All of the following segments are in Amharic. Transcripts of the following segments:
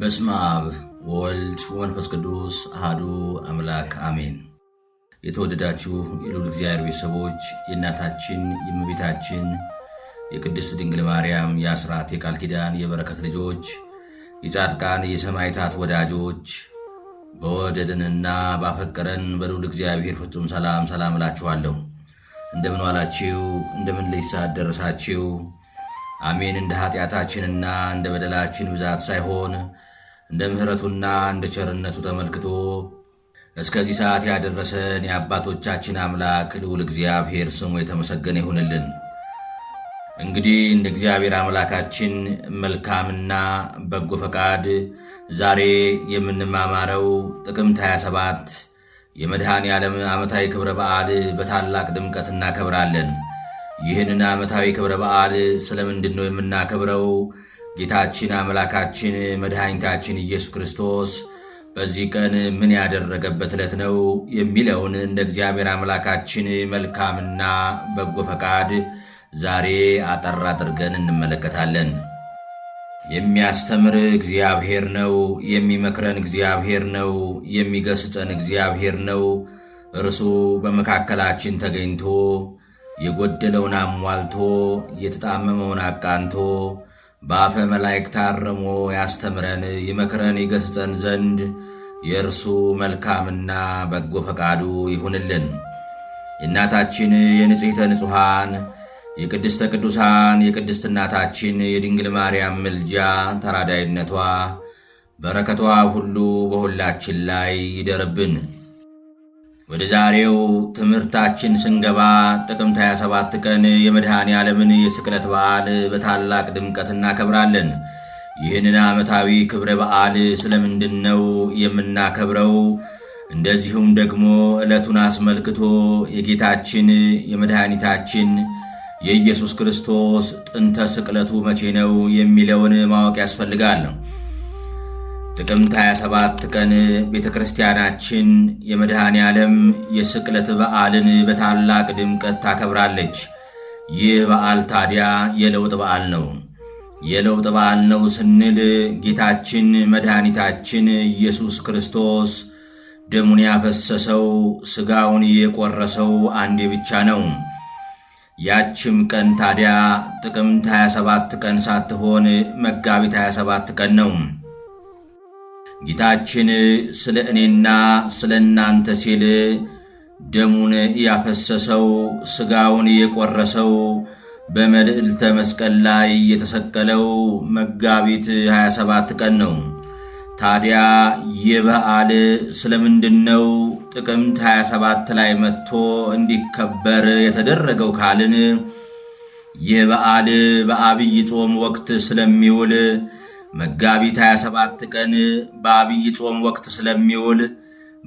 በስመ አብ ወልድ ወመንፈስ ቅዱስ አህዱ አምላክ አሜን። የተወደዳችሁ የሉል እግዚአብሔር ቤተሰቦች የእናታችን የእመቤታችን የቅድስት ድንግል ማርያም የአስራት የቃል ኪዳን የበረከት ልጆች የጻድቃን የሰማይታት ወዳጆች በወደደንና ባፈቀረን በልዑል እግዚአብሔር ፍጹም ሰላም ሰላም እላችኋለሁ። እንደምን ዋላችሁ? እንደምን ልሳት ደረሳችሁ? አሜን። እንደ ኃጢአታችንና እንደ በደላችን ብዛት ሳይሆን እንደ ምሕረቱና እንደ ቸርነቱ ተመልክቶ እስከዚህ ሰዓት ያደረሰን የአባቶቻችን አምላክ ልዑል እግዚአብሔር ስሙ የተመሰገነ ይሁንልን። እንግዲህ እንደ እግዚአብሔር አምላካችን መልካምና በጎ ፈቃድ ዛሬ የምንማማረው ጥቅምት 27 የመድኃኔ ዓለም ዓመታዊ ክብረ በዓል በታላቅ ድምቀት እናከብራለን። ይህንን ዓመታዊ ክብረ በዓል ስለምንድን ነው የምናከብረው? ጌታችን አምላካችን መድኃኒታችን ኢየሱስ ክርስቶስ በዚህ ቀን ምን ያደረገበት ዕለት ነው የሚለውን እንደ እግዚአብሔር አምላካችን መልካምና በጎ ፈቃድ ዛሬ አጠር አድርገን እንመለከታለን። የሚያስተምር እግዚአብሔር ነው። የሚመክረን እግዚአብሔር ነው። የሚገስጸን እግዚአብሔር ነው። እርሱ በመካከላችን ተገኝቶ የጎደለውን አሟልቶ የተጣመመውን አቃንቶ በአፈ መላእክት ታርሞ ያስተምረን ይመክረን ይገስጸን ዘንድ የእርሱ መልካምና በጎ ፈቃዱ ይሁንልን። የእናታችን የንጽሕተ ንጹሐን የቅድስተ ቅዱሳን የቅድስት እናታችን የድንግል ማርያም ምልጃ ተራዳይነቷ በረከቷ ሁሉ በሁላችን ላይ ይደርብን። ወደ ዛሬው ትምህርታችን ስንገባ ጥቅምት 27 ቀን የመድኃኔ ዓለምን የስቅለት በዓል በታላቅ ድምቀት እናከብራለን። ይህንን ዓመታዊ ክብረ በዓል ስለምንድን ነው የምናከብረው? እንደዚሁም ደግሞ ዕለቱን አስመልክቶ የጌታችን የመድኃኒታችን የኢየሱስ ክርስቶስ ጥንተ ስቅለቱ መቼ ነው የሚለውን ማወቅ ያስፈልጋል። ጥቅምት 27 ቀን ቤተ ክርስቲያናችን የመድኃኔ ዓለም የስቅለት በዓልን በታላቅ ድምቀት ታከብራለች። ይህ በዓል ታዲያ የለውጥ በዓል ነው። የለውጥ በዓል ነው ስንል ጌታችን መድኃኒታችን ኢየሱስ ክርስቶስ ደሙን ያፈሰሰው ሥጋውን የቆረሰው አንዴ ብቻ ነው። ያችም ቀን ታዲያ ጥቅምት 27 ቀን ሳትሆን መጋቢት 27 ቀን ነው። ጌታችን ስለ እኔና ስለ እናንተ ሲል ደሙን ያፈሰሰው ሥጋውን የቆረሰው በመልዕልተ መስቀል ላይ የተሰቀለው መጋቢት 27 ቀን ነው። ታዲያ ይህ በዓል ስለምንድን ነው ጥቅምት 27 ላይ መጥቶ እንዲከበር የተደረገው ካልን ይህ በዓል በአብይ ጾም ወቅት ስለሚውል መጋቢት 27 ቀን በአብይ ጾም ወቅት ስለሚውል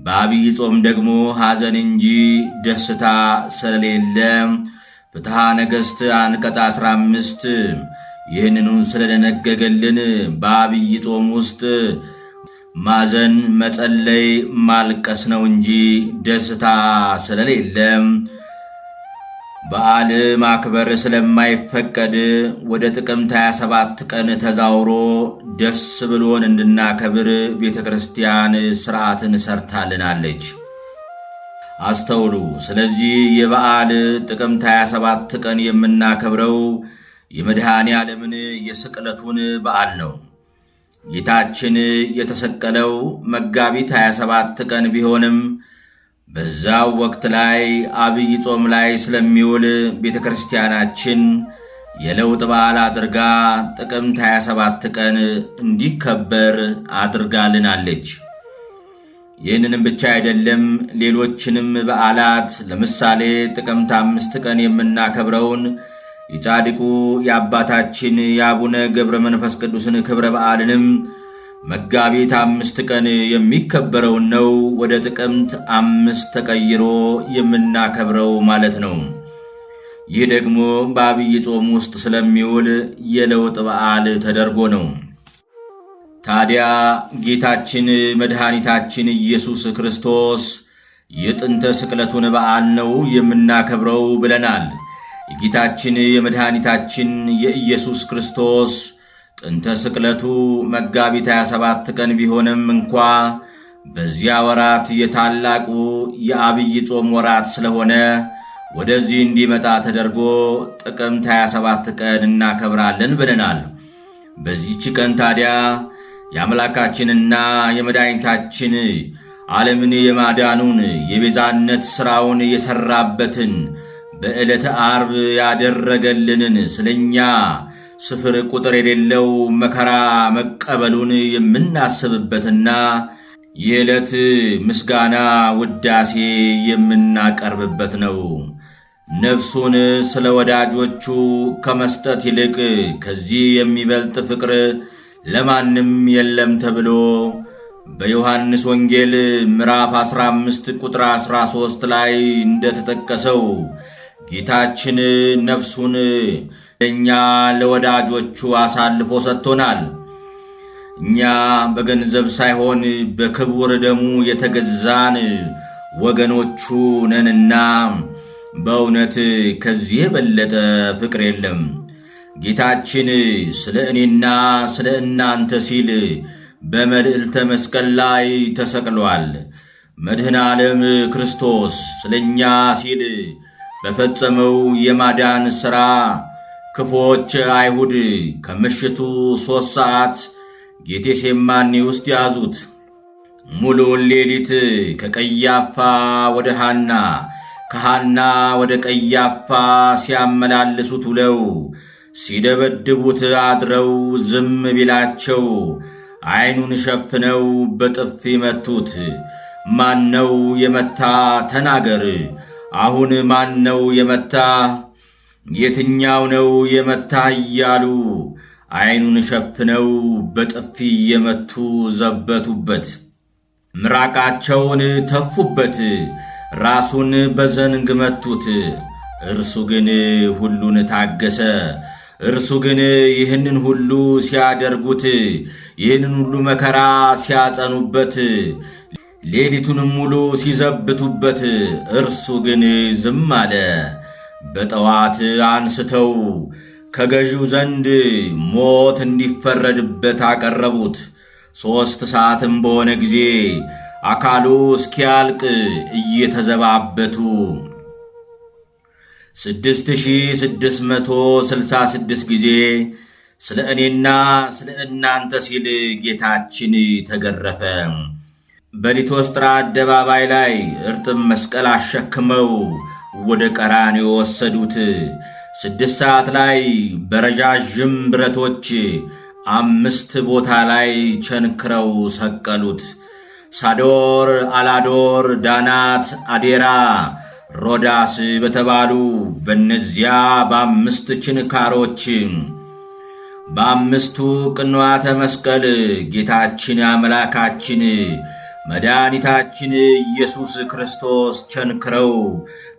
በአብይ ጾም ደግሞ ሐዘን እንጂ ደስታ ስለሌለ ፍትሐ ነገሥት አንቀጽ 15 ይህንኑን ስለደነገገልን በአብይ ጾም ውስጥ ማዘን፣ መጸለይ፣ ማልቀስ ነው እንጂ ደስታ ስለሌለም በዓል ማክበር ስለማይፈቀድ ወደ ጥቅምት 27 ቀን ተዛውሮ ደስ ብሎን እንድናከብር ቤተ ክርስቲያን ሥርዓትን ሰርታልናለች። አስተውሉ። ስለዚህ የበዓል ጥቅምት 27 ቀን የምናከብረው የመድኃኔ ዓለምን የስቅለቱን በዓል ነው። ጌታችን የተሰቀለው መጋቢት 27 ቀን ቢሆንም በዛው ወቅት ላይ አብይ ጾም ላይ ስለሚውል ቤተ ክርስቲያናችን የለውጥ በዓል አድርጋ ጥቅምት 27 ቀን እንዲከበር አድርጋልናለች። ይህንንም ብቻ አይደለም፣ ሌሎችንም በዓላት ለምሳሌ ጥቅምት አምስት ቀን የምናከብረውን የጻድቁ የአባታችን የአቡነ ገብረ መንፈስ ቅዱስን ክብረ በዓልንም መጋቢት አምስት ቀን የሚከበረውን ነው ወደ ጥቅምት አምስት ተቀይሮ የምናከብረው ማለት ነው። ይህ ደግሞ በአብይ ጾም ውስጥ ስለሚውል የለውጥ በዓል ተደርጎ ነው። ታዲያ ጌታችን መድኃኒታችን ኢየሱስ ክርስቶስ የጥንተ ስቅለቱን በዓል ነው የምናከብረው ብለናል። የጌታችን የመድኃኒታችን የኢየሱስ ክርስቶስ ጥንተ ስቅለቱ መጋቢት 27 ቀን ቢሆንም እንኳ በዚያ ወራት የታላቁ የአብይ ጾም ወራት ስለሆነ ወደዚህ እንዲመጣ ተደርጎ ጥቅምት 27 ቀን እናከብራለን ብለናል። በዚህች ቀን ታዲያ የአምላካችንና የመድኃኒታችን ዓለምን የማዳኑን የቤዛነት ሥራውን የሠራበትን በዕለተ አርብ ያደረገልንን ስለኛ ስፍር ቁጥር የሌለው መከራ መቀበሉን የምናስብበትና የዕለት ምስጋና ውዳሴ የምናቀርብበት ነው። ነፍሱን ስለ ወዳጆቹ ከመስጠት ይልቅ ከዚህ የሚበልጥ ፍቅር ለማንም የለም ተብሎ በዮሐንስ ወንጌል ምዕራፍ 15 ቁጥር 13 ላይ እንደተጠቀሰው ጌታችን ነፍሱን እኛ ለወዳጆቹ አሳልፎ ሰጥቶናል። እኛ በገንዘብ ሳይሆን በክቡር ደሙ የተገዛን ወገኖቹ ነንና በእውነት ከዚህ የበለጠ ፍቅር የለም። ጌታችን ስለ እኔና ስለ እናንተ ሲል በመልዕልተ መስቀል ላይ ተሰቅሏል። መድህን ዓለም ክርስቶስ ስለ እኛ ሲል በፈጸመው የማዳን ሥራ ክፉዎች አይሁድ ከምሽቱ ሦስት ሰዓት ጌቴሴማኒ ውስጥ ያዙት። ሙሉውን ሌሊት ከቀያፋ ወደ ሃና ከሃና ወደ ቀያፋ ሲያመላልሱት ውለው ሲደበድቡት አድረው ዝም ቢላቸው ዐይኑን ሸፍነው በጥፊ መቱት። ማነው የመታ ተናገር። አሁን ማነው የመታ የትኛው ነው የመታ እያሉ ዐይኑን ሸፍነው በጥፊ እየመቱ ዘበቱበት። ምራቃቸውን ተፉበት፣ ራሱን በዘንግ መቱት። እርሱ ግን ሁሉን ታገሰ። እርሱ ግን ይህንን ሁሉ ሲያደርጉት፣ ይህንን ሁሉ መከራ ሲያጸኑበት፣ ሌሊቱንም ሙሉ ሲዘብቱበት፣ እርሱ ግን ዝም አለ። በጠዋት አንስተው ከገዢው ዘንድ ሞት እንዲፈረድበት አቀረቡት። ሦስት ሰዓትም በሆነ ጊዜ አካሉ እስኪያልቅ እየተዘባበቱ 6666 ጊዜ ስለ እኔና ስለ እናንተ ሲል ጌታችን ተገረፈ። በሊቶስጥራ አደባባይ ላይ እርጥብ መስቀል አሸክመው ወደ ቀራንዮ ወሰዱት። ስድስት ሰዓት ላይ በረዣዥም ብረቶች አምስት ቦታ ላይ ቸንክረው ሰቀሉት። ሳዶር፣ አላዶር፣ ዳናት፣ አዴራ፣ ሮዳስ በተባሉ በእነዚያ በአምስት ችንካሮች በአምስቱ ቅንዋተ መስቀል ጌታችን አምላካችን መድኃኒታችን ኢየሱስ ክርስቶስ ቸንክረው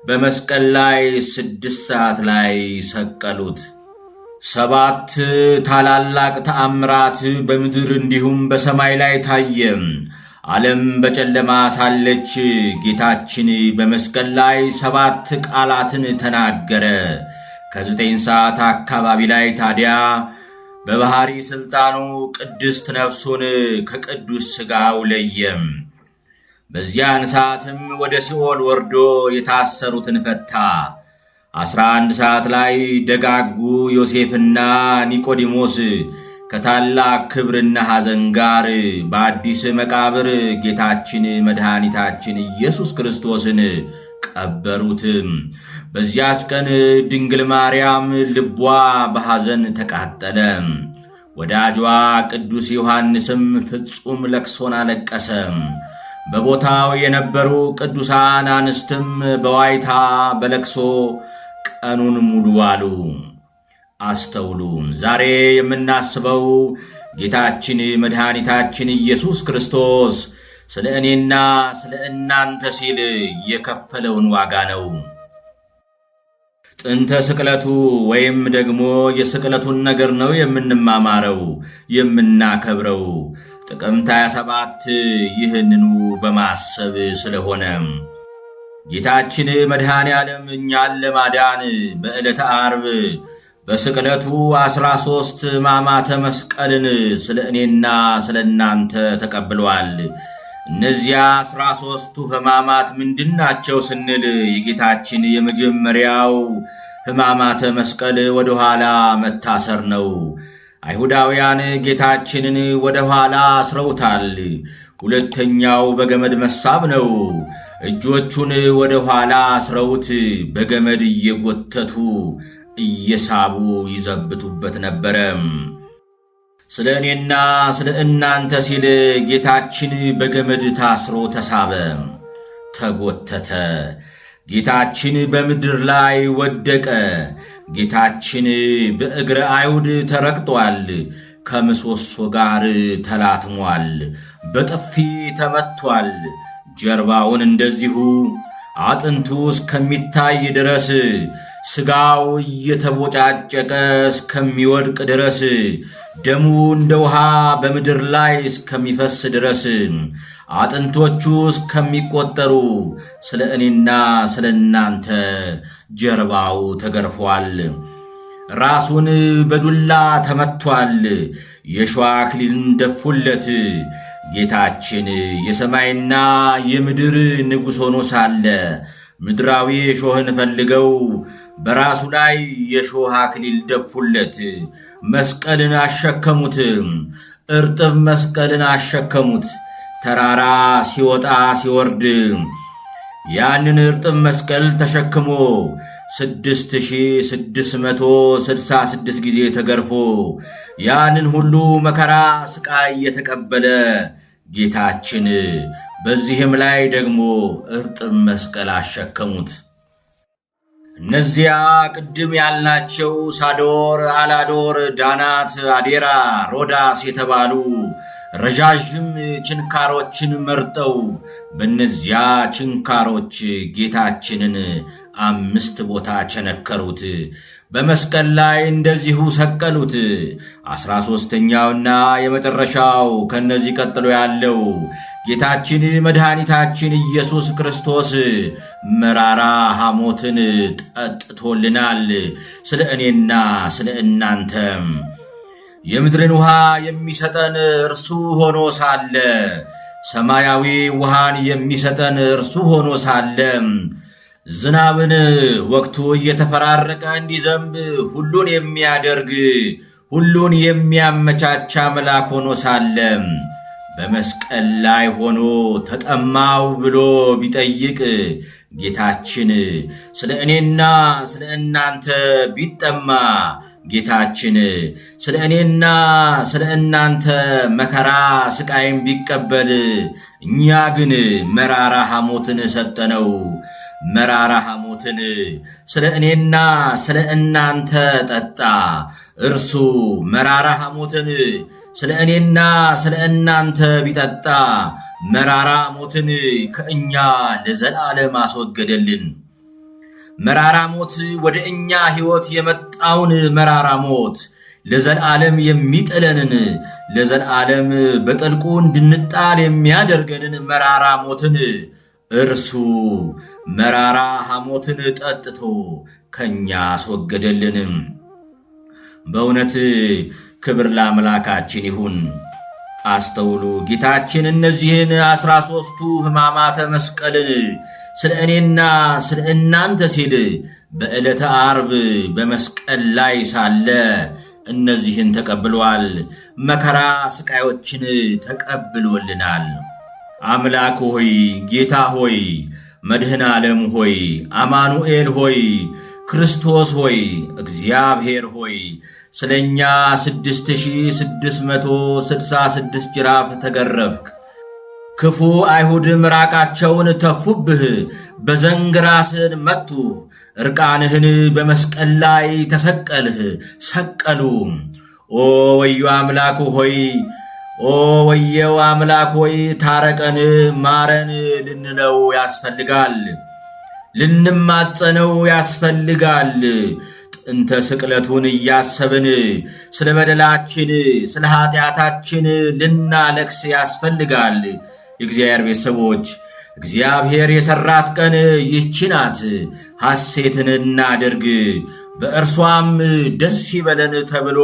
በመስቀል ላይ ስድስት ሰዓት ላይ ሰቀሉት። ሰባት ታላላቅ ተአምራት በምድር እንዲሁም በሰማይ ላይ ታየ። ዓለም በጨለማ ሳለች ጌታችን በመስቀል ላይ ሰባት ቃላትን ተናገረ። ከዘጠኝ ሰዓት አካባቢ ላይ ታዲያ በባህሪ ሥልጣኑ ቅድስት ነፍሱን ከቅዱስ ሥጋው ለየም። በዚያን ሰዓትም ወደ ሲኦል ወርዶ የታሰሩትን ፈታ። አስራ አንድ ሰዓት ላይ ደጋጉ ዮሴፍና ኒቆዲሞስ ከታላቅ ክብርና ሐዘን ጋር በአዲስ መቃብር ጌታችን መድኃኒታችን ኢየሱስ ክርስቶስን ቀበሩት። በዚያች ቀን ድንግል ማርያም ልቧ በሐዘን ተቃጠለ። ወዳጇ ቅዱስ ዮሐንስም ፍጹም ለቅሶን አለቀሰ። በቦታው የነበሩ ቅዱሳን አንስትም በዋይታ በለቅሶ ቀኑን ሙሉ አሉ። አስተውሉ። ዛሬ የምናስበው ጌታችን መድኃኒታችን ኢየሱስ ክርስቶስ ስለ እኔና ስለ እናንተ ሲል የከፈለውን ዋጋ ነው። ጥንተ ስቅለቱ ወይም ደግሞ የስቅለቱን ነገር ነው የምንማማረው የምናከብረው። ጥቅምት 27 ይህንኑ በማሰብ ስለሆነ ጌታችን መድኃኔ ዓለም እኛን ለማዳን በዕለተ አርብ በስቅለቱ ዐሥራ ሦስት ማማተ መስቀልን ስለ እኔና ስለ እናንተ ተቀብሏል። እነዚያ አስራ ሦስቱ ሕማማት ምንድን ናቸው ስንል የጌታችን የመጀመሪያው ሕማማተ መስቀል ወደ ኋላ መታሰር ነው። አይሁዳውያን ጌታችንን ወደ ኋላ አስረውታል። ሁለተኛው በገመድ መሳብ ነው። እጆቹን ወደ ኋላ አስረውት በገመድ እየጎተቱ እየሳቡ ይዘብቱበት ነበረ። ስለ እኔና ስለ እናንተ ሲል ጌታችን በገመድ ታስሮ ተሳበ፣ ተጎተተ። ጌታችን በምድር ላይ ወደቀ። ጌታችን በእግረ አይሁድ ተረግጧል። ከምሰሶ ጋር ተላትሟል። በጥፊ ተመቷል። ጀርባውን እንደዚሁ አጥንቱ እስከሚታይ ድረስ ሥጋው እየተቦጫጨቀ እስከሚወድቅ ድረስ ደሙ እንደ ውሃ በምድር ላይ እስከሚፈስ ድረስ አጥንቶቹ እስከሚቆጠሩ ስለ እኔና ስለ እናንተ ጀርባው ተገርፏል። ራሱን በዱላ ተመቷል። የሸዋ አክሊልን ደፉለት። ጌታችን የሰማይና የምድር ንጉሥ ሆኖ ሳለ ምድራዊ ሾህን ፈልገው በራሱ ላይ የሾህ አክሊል ደፉለት፣ መስቀልን አሸከሙት፣ እርጥብ መስቀልን አሸከሙት። ተራራ ሲወጣ ሲወርድ ያንን እርጥብ መስቀል ተሸክሞ 6666 ጊዜ ተገርፎ ያንን ሁሉ መከራ ስቃይ የተቀበለ ጌታችን በዚህም ላይ ደግሞ እርጥብ መስቀል አሸከሙት። እነዚያ ቅድም ያልናቸው ሳዶር፣ አላዶር፣ ዳናት፣ አዴራ፣ ሮዳስ የተባሉ ረዣዥም ችንካሮችን መርጠው በእነዚያ ችንካሮች ጌታችንን አምስት ቦታ ቸነከሩት። በመስቀል ላይ እንደዚሁ ሰቀሉት። አስራ ሦስተኛውና የመጨረሻው ከእነዚህ ቀጥሎ ያለው ጌታችን መድኃኒታችን ኢየሱስ ክርስቶስ መራራ ሐሞትን ጠጥቶልናል ስለ እኔና ስለ እናንተም የምድርን ውሃ የሚሰጠን እርሱ ሆኖ ሳለ ሰማያዊ ውሃን የሚሰጠን እርሱ ሆኖ ሳለ ዝናብን ወቅቱ እየተፈራረቀ እንዲዘንብ ሁሉን የሚያደርግ ሁሉን የሚያመቻች አምላክ ሆኖ ሳለ በመስቀል ላይ ሆኖ ተጠማው ብሎ ቢጠይቅ ጌታችን ስለ እኔና ስለ እናንተ ቢጠማ ጌታችን ስለ እኔና ስለ እናንተ መከራ ስቃይን ቢቀበል እኛ ግን መራራ ሐሞትን ሰጠነው። መራራ ሐሞትን ስለ እኔና ስለ እናንተ ጠጣ። እርሱ መራራ ሐሞትን ስለ እኔና ስለ እናንተ ቢጠጣ መራራ ሞትን ከእኛ ለዘላለም አስወገደልን። መራራ ሞት ወደ እኛ ሕይወት የመጣውን መራራ ሞት ለዘላለም የሚጥለንን ለዘላለም በጠልቁ እንድንጣል የሚያደርገንን መራራ ሞትን እርሱ መራራ ሐሞትን ጠጥቶ ከእኛ አስወገደልንም። በእውነት ክብር ለአምላካችን ይሁን። አስተውሉ፣ ጌታችን እነዚህን ዐሥራ ሦስቱ ሕማማተ መስቀልን ስለ እኔና ስለ እናንተ ሲል በዕለተ ዓርብ በመስቀል ላይ ሳለ እነዚህን ተቀብሏል። መከራ ሥቃዮችን ተቀብሎልናል። አምላክ ሆይ፣ ጌታ ሆይ፣ መድህን ዓለም ሆይ፣ አማኑኤል ሆይ፣ ክርስቶስ ሆይ፣ እግዚአብሔር ሆይ ስለ እኛ 6666 ጅራፍ ተገረፍክ። ክፉ አይሁድ ምራቃቸውን ተፉብህ፣ በዘንግ ራስን መቱ። ዕርቃንህን በመስቀል ላይ ተሰቀልህ፣ ሰቀሉ። ኦ ወዮ አምላክ ሆይ ኦ ወየው አምላክ ሆይ ታረቀን ማረን ልንለው ያስፈልጋል፣ ልንማጸነው ያስፈልጋል። ጥንተ ስቅለቱን እያሰብን ስለ በደላችን ስለ ኃጢአታችን ልናለቅስ ያስፈልጋል። የእግዚአብሔር ቤተሰቦች እግዚአብሔር የሠራት ቀን ይህች ናት፣ ሐሴትን እናድርግ በእርሷም ደስ ይበለን ተብሎ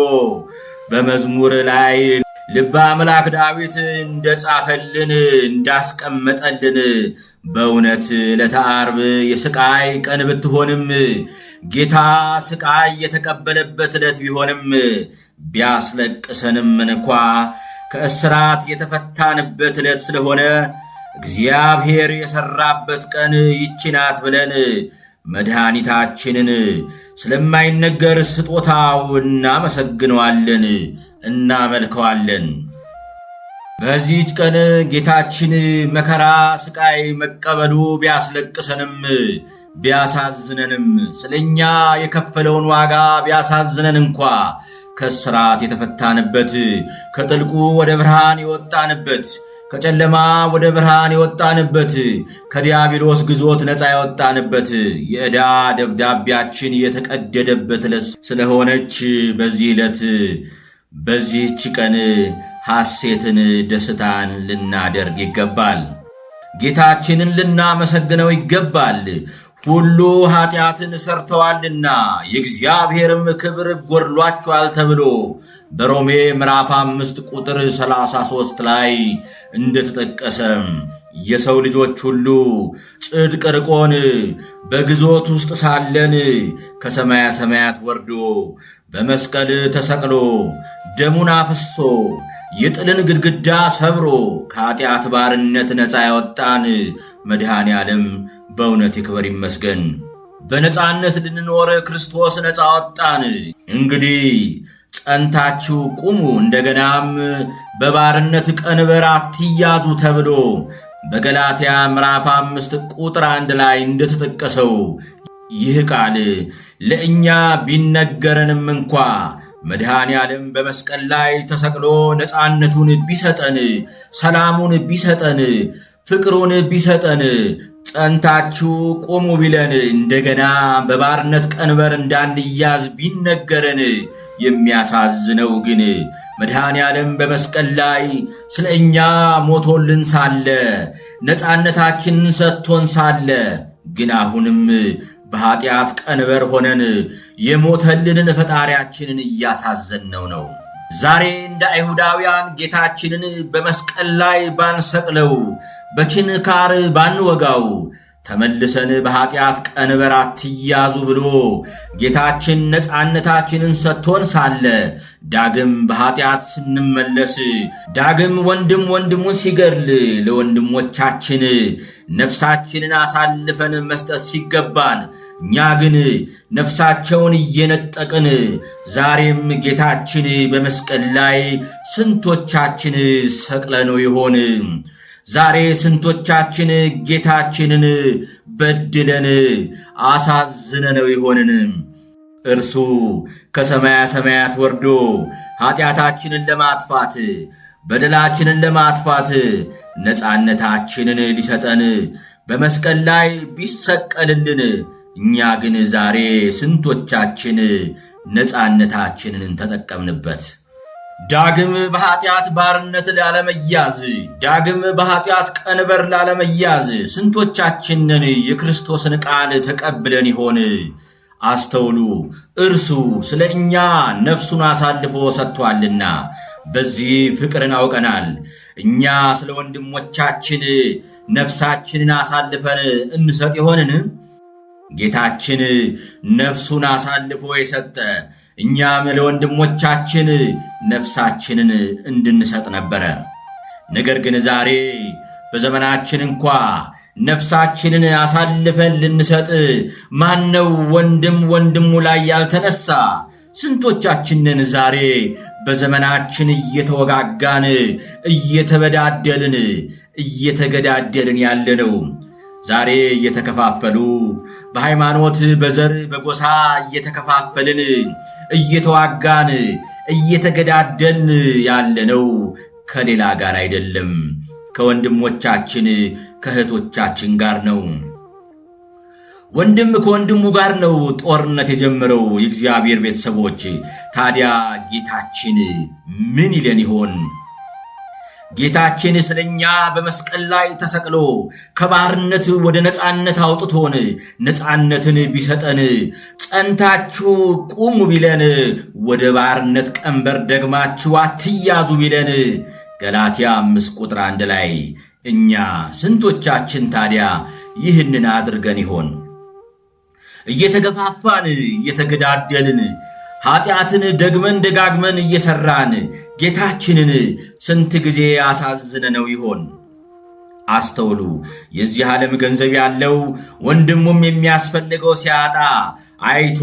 በመዝሙር ላይ ልበ አምላክ ዳዊት እንደጻፈልን እንዳስቀመጠልን በእውነት ዕለተ ዓርብ የስቃይ ቀን ብትሆንም ጌታ ስቃይ የተቀበለበት ዕለት ቢሆንም ቢያስለቅሰንም እንኳ ከእስራት የተፈታንበት ዕለት ስለሆነ እግዚአብሔር የሠራበት ቀን ይቺ ናት ብለን መድኃኒታችንን ስለማይነገር ስጦታው እናመሰግነዋለን፣ እናመልከዋለን። በዚህች ቀን ጌታችን መከራ ስቃይ መቀበሉ ቢያስለቅሰንም ቢያሳዝነንም ስለ እኛ የከፈለውን ዋጋ ቢያሳዝነን እንኳ ከስራት የተፈታንበት ከጥልቁ ወደ ብርሃን የወጣንበት ከጨለማ ወደ ብርሃን የወጣንበት ከዲያብሎስ ግዞት ነፃ የወጣንበት የዕዳ ደብዳቤያችን የተቀደደበት ዕለት ስለሆነች በዚህ ዕለት በዚህች ቀን ሐሴትን፣ ደስታን ልናደርግ ይገባል። ጌታችንን ልናመሰግነው ይገባል። ሁሉ ኃጢአትን ሰርተዋልና የእግዚአብሔርም ክብር ጎድሏቸዋል ተብሎ በሮሜ ምዕራፍ አምስት ቁጥር 33 ላይ እንደተጠቀሰ የሰው ልጆች ሁሉ ጽድቅ ርቆን በግዞት ውስጥ ሳለን ከሰማያ ሰማያት ወርዶ በመስቀል ተሰቅሎ ደሙን አፍሶ የጥልን ግድግዳ ሰብሮ ከኃጢአት ባርነት ነፃ ያወጣን መድኃኔ ዓለም በእውነት ይክበር ይመስገን። በነፃነት ልንኖር ክርስቶስ ነፃ ወጣን። እንግዲህ ጸንታችሁ ቁሙ፣ እንደገናም በባርነት ቀንበር አትያዙ ተብሎ በገላትያ ምዕራፍ አምስት ቁጥር አንድ ላይ እንደተጠቀሰው ይህ ቃል ለእኛ ቢነገረንም እንኳ መድኃኔ ዓለም በመስቀል ላይ ተሰቅሎ ነፃነቱን ቢሰጠን፣ ሰላሙን ቢሰጠን፣ ፍቅሩን ቢሰጠን ጸንታችሁ ቁሙ ቢለን እንደገና በባርነት ቀንበር እንዳንያዝ ቢነገረን የሚያሳዝነው ግን መድኃኔ ዓለም በመስቀል ላይ ስለ እኛ ሞቶልን ሳለ ነፃነታችንን ሰጥቶን ሳለ ግን አሁንም በኃጢአት ቀንበር ሆነን የሞተልንን ፈጣሪያችንን እያሳዘንነው ነው። ዛሬ እንደ አይሁዳውያን ጌታችንን በመስቀል ላይ ባንሰቅለው በችንካር ባንወጋው ተመልሰን በኃጢአት ቀንበር አትያዙ ብሎ ጌታችን ነፃነታችንን ሰጥቶን ሳለ ዳግም በኃጢአት ስንመለስ ዳግም ወንድም ወንድሙን ሲገድል ለወንድሞቻችን ነፍሳችንን አሳልፈን መስጠት ሲገባን እኛ ግን ነፍሳቸውን እየነጠቅን ዛሬም ጌታችን በመስቀል ላይ ስንቶቻችን ሰቅለነው ይሆን? ዛሬ ስንቶቻችን ጌታችንን በድለን አሳዝነነው ይሆንን? እርሱ ከሰማያ ሰማያት ወርዶ ኃጢአታችንን ለማጥፋት በደላችንን ለማጥፋት ነፃነታችንን ሊሰጠን በመስቀል ላይ ቢሰቀልልን፣ እኛ ግን ዛሬ ስንቶቻችን ነፃነታችንን ተጠቀምንበት? ዳግም በኃጢአት ባርነት ላለመያዝ ዳግም በኃጢአት ቀንበር ላለመያዝ ስንቶቻችንን የክርስቶስን ቃል ተቀብለን ይሆን? አስተውሉ። እርሱ ስለ እኛ ነፍሱን አሳልፎ ሰጥቷልና በዚህ ፍቅርን አውቀናል። እኛ ስለ ወንድሞቻችን ነፍሳችንን አሳልፈን እንሰጥ ይሆንን? ጌታችን ነፍሱን አሳልፎ የሰጠ እኛም ለወንድሞቻችን ነፍሳችንን እንድንሰጥ ነበረ። ነገር ግን ዛሬ በዘመናችን እንኳ ነፍሳችንን አሳልፈን ልንሰጥ ማነው ወንድም ወንድሙ ላይ ያልተነሳ? ስንቶቻችንን ዛሬ በዘመናችን እየተወጋጋን፣ እየተበዳደልን፣ እየተገዳደልን ያለነው ዛሬ እየተከፋፈሉ በሃይማኖት፣ በዘር፣ በጎሳ እየተከፋፈልን እየተዋጋን እየተገዳደን ያለነው ከሌላ ጋር አይደለም፣ ከወንድሞቻችን ከእህቶቻችን ጋር ነው። ወንድም ከወንድሙ ጋር ነው ጦርነት የጀመረው። የእግዚአብሔር ቤተሰቦች ታዲያ ጌታችን ምን ይለን ይሆን? ጌታችን ስለ እኛ በመስቀል ላይ ተሰቅሎ ከባርነት ወደ ነፃነት አውጥቶን ነፃነትን ቢሰጠን ጸንታችሁ ቁሙ ቢለን ወደ ባርነት ቀንበር ደግማችሁ አትያዙ ቢለን ገላትያ አምስት ቁጥር አንድ ላይ እኛ ስንቶቻችን ታዲያ ይህንን አድርገን ይሆን? እየተገፋፋን እየተገዳደልን ኃጢአትን ደግመን ደጋግመን እየሠራን ጌታችንን ስንት ጊዜ አሳዝነነው ይሆን? አስተውሉ። የዚህ ዓለም ገንዘብ ያለው ወንድሙም የሚያስፈልገው ሲያጣ አይቶ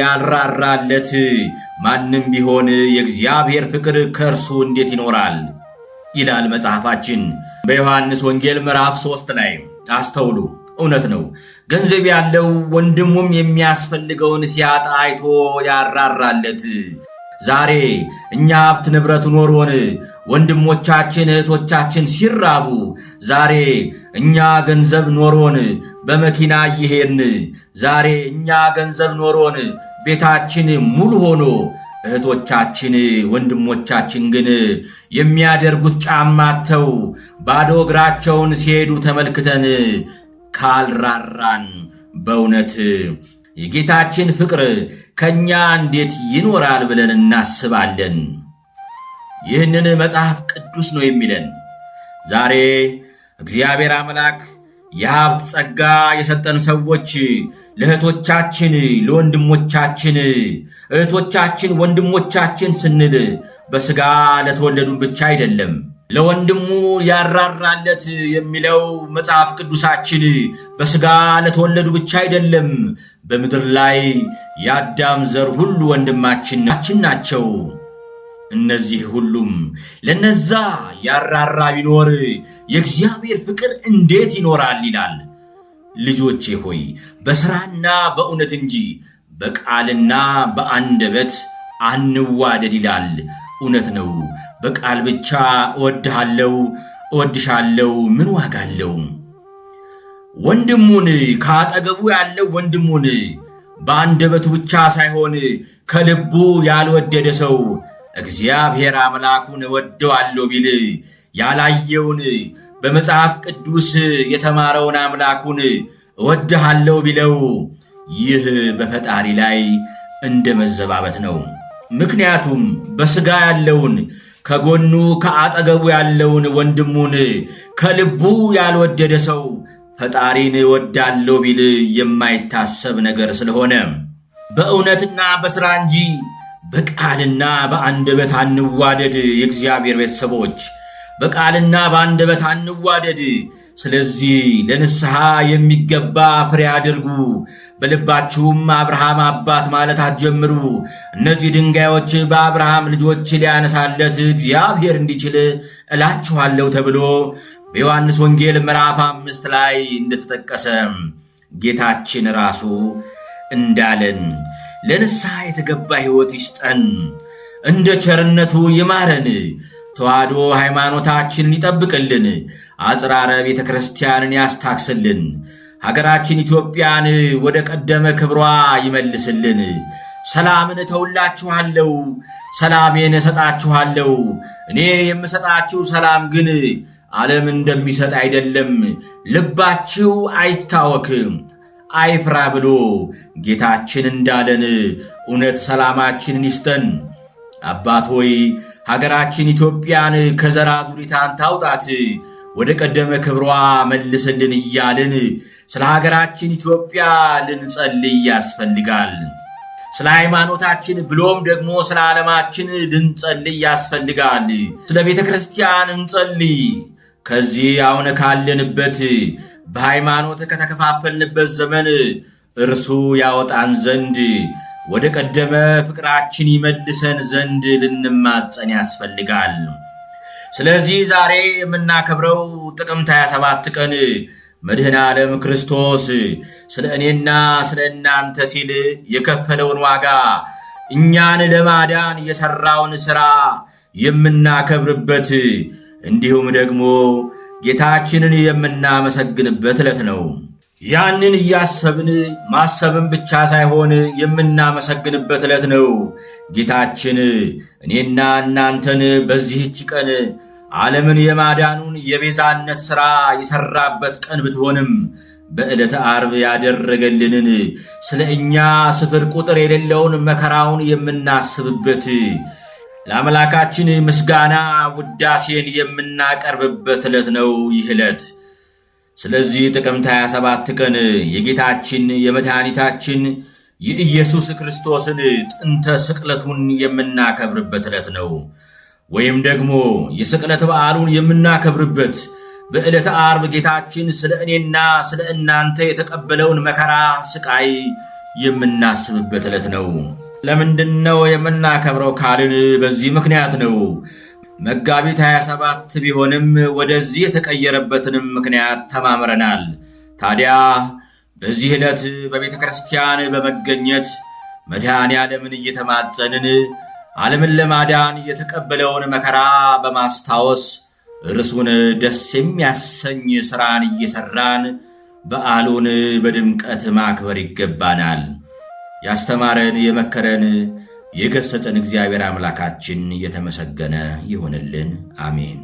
ያልራራለት ማንም ቢሆን የእግዚአብሔር ፍቅር ከእርሱ እንዴት ይኖራል? ይላል መጽሐፋችን በዮሐንስ ወንጌል ምዕራፍ ሦስት ላይ አስተውሉ። እውነት ነው። ገንዘብ ያለው ወንድሙም የሚያስፈልገውን ሲያጣ አይቶ ያራራለት። ዛሬ እኛ ሀብት ንብረት ኖሮን ወንድሞቻችን እህቶቻችን ሲራቡ፣ ዛሬ እኛ ገንዘብ ኖሮን በመኪና እየሄድን፣ ዛሬ እኛ ገንዘብ ኖሮን ቤታችን ሙሉ ሆኖ እህቶቻችን ወንድሞቻችን ግን የሚያደርጉት ጫማተው ባዶ እግራቸውን ሲሄዱ ተመልክተን ካልራራን በእውነት የጌታችን ፍቅር ከእኛ እንዴት ይኖራል ብለን እናስባለን። ይህንን መጽሐፍ ቅዱስ ነው የሚለን። ዛሬ እግዚአብሔር አምላክ የሀብት ጸጋ የሰጠን ሰዎች ለእህቶቻችን፣ ለወንድሞቻችን እህቶቻችን፣ ወንድሞቻችን ስንል በሥጋ ለተወለዱን ብቻ አይደለም ለወንድሙ ያራራለት የሚለው መጽሐፍ ቅዱሳችን በሥጋ ለተወለዱ ብቻ አይደለም። በምድር ላይ የአዳም ዘር ሁሉ ወንድማችን ናቸው። እነዚህ ሁሉም ለነዛ ያራራ ቢኖር የእግዚአብሔር ፍቅር እንዴት ይኖራል ይላል። ልጆቼ ሆይ በሥራና በእውነት እንጂ በቃልና በአንደበት አንዋደድ ይላል። እውነት ነው። በቃል ብቻ እወድሃለው እወድሻለው ምን ዋጋ አለው? ወንድሙን ከአጠገቡ ያለው ወንድሙን በአንደበቱ ብቻ ሳይሆን ከልቡ ያልወደደ ሰው እግዚአብሔር አምላኩን እወደዋለሁ ቢል ያላየውን በመጽሐፍ ቅዱስ የተማረውን አምላኩን እወድሃለሁ ቢለው ይህ በፈጣሪ ላይ እንደ መዘባበት ነው። ምክንያቱም በሥጋ ያለውን ከጎኑ ከአጠገቡ ያለውን ወንድሙን ከልቡ ያልወደደ ሰው ፈጣሪን ወዳለው ቢል የማይታሰብ ነገር ስለሆነ በእውነትና በሥራ እንጂ በቃልና በአንደበት አንዋደድ የእግዚአብሔር ቤተሰቦች በቃልና በአንደበት አንዋደድ። ስለዚህ ለንስሐ የሚገባ ፍሬ አድርጉ፣ በልባችሁም አብርሃም አባት ማለት አትጀምሩ። እነዚህ ድንጋዮች በአብርሃም ልጆች ሊያነሳለት እግዚአብሔር እንዲችል እላችኋለሁ ተብሎ በዮሐንስ ወንጌል ምዕራፍ አምስት ላይ እንደተጠቀሰ ጌታችን ራሱ እንዳለን ለንስሐ የተገባ ሕይወት ይስጠን፣ እንደ ቸርነቱ ይማረን ተዋህዶ ሃይማኖታችንን ይጠብቅልን፣ አጽራረ ቤተ ክርስቲያንን ያስታክስልን፣ ሀገራችን ኢትዮጵያን ወደ ቀደመ ክብሯ ይመልስልን። ሰላምን እተውላችኋለሁ፣ ሰላሜን እሰጣችኋለሁ። እኔ የምሰጣችሁ ሰላም ግን ዓለም እንደሚሰጥ አይደለም። ልባችሁ አይታወክም አይፍራ ብሎ ጌታችን እንዳለን እውነት ሰላማችንን ይስጠን። አባት ሆይ ሀገራችን ኢትዮጵያን ከዘራ ዙሪታን ታውጣት ወደ ቀደመ ክብሯ መልስልን እያልን ስለ ሀገራችን ኢትዮጵያ ልንጸልይ ያስፈልጋል። ስለ ሃይማኖታችን ብሎም ደግሞ ስለ ዓለማችን ልንጸልይ ያስፈልጋል። ስለ ቤተ ክርስቲያን እንጸልይ። ከዚህ አሁን ካለንበት በሃይማኖት ከተከፋፈልንበት ዘመን እርሱ ያወጣን ዘንድ ወደ ቀደመ ፍቅራችን ይመልሰን ዘንድ ልንማጸን ያስፈልጋል። ስለዚህ ዛሬ የምናከብረው ጥቅምት 27 ቀን መድህን ዓለም ክርስቶስ ስለ እኔና ስለ እናንተ ሲል የከፈለውን ዋጋ እኛን ለማዳን የሠራውን ሥራ የምናከብርበት እንዲሁም ደግሞ ጌታችንን የምናመሰግንበት ዕለት ነው። ያንን እያሰብን ማሰብን ብቻ ሳይሆን የምናመሰግንበት ዕለት ነው። ጌታችን እኔና እናንተን በዚህች ቀን ዓለምን የማዳኑን የቤዛነት ሥራ የሠራበት ቀን ብትሆንም በዕለተ ዓርብ ያደረገልንን ስለ እኛ ስፍር ቁጥር የሌለውን መከራውን የምናስብበት ለአምላካችን ምስጋና ውዳሴን የምናቀርብበት ዕለት ነው ይህ ዕለት። ስለዚህ ጥቅምት 27 ቀን የጌታችን የመድኃኒታችን የኢየሱስ ክርስቶስን ጥንተ ስቅለቱን የምናከብርበት ዕለት ነው። ወይም ደግሞ የስቅለት በዓሉን የምናከብርበት በዕለተ ዓርብ ጌታችን ስለ እኔና ስለ እናንተ የተቀበለውን መከራ ስቃይ የምናስብበት ዕለት ነው። ለምንድን ነው የምናከብረው ካልን በዚህ ምክንያት ነው። መጋቢት 27 ቢሆንም ወደዚህ የተቀየረበትንም ምክንያት ተማምረናል። ታዲያ በዚህ ዕለት በቤተ ክርስቲያን በመገኘት መድኃኔ ዓለምን እየተማጸንን ዓለምን ለማዳን የተቀበለውን መከራ በማስታወስ እርሱን ደስ የሚያሰኝ ሥራን እየሠራን በዓሉን በድምቀት ማክበር ይገባናል። ያስተማረን የመከረን የገሰጸን እግዚአብሔር አምላካችን እየተመሰገነ ይሁንልን። አሜን።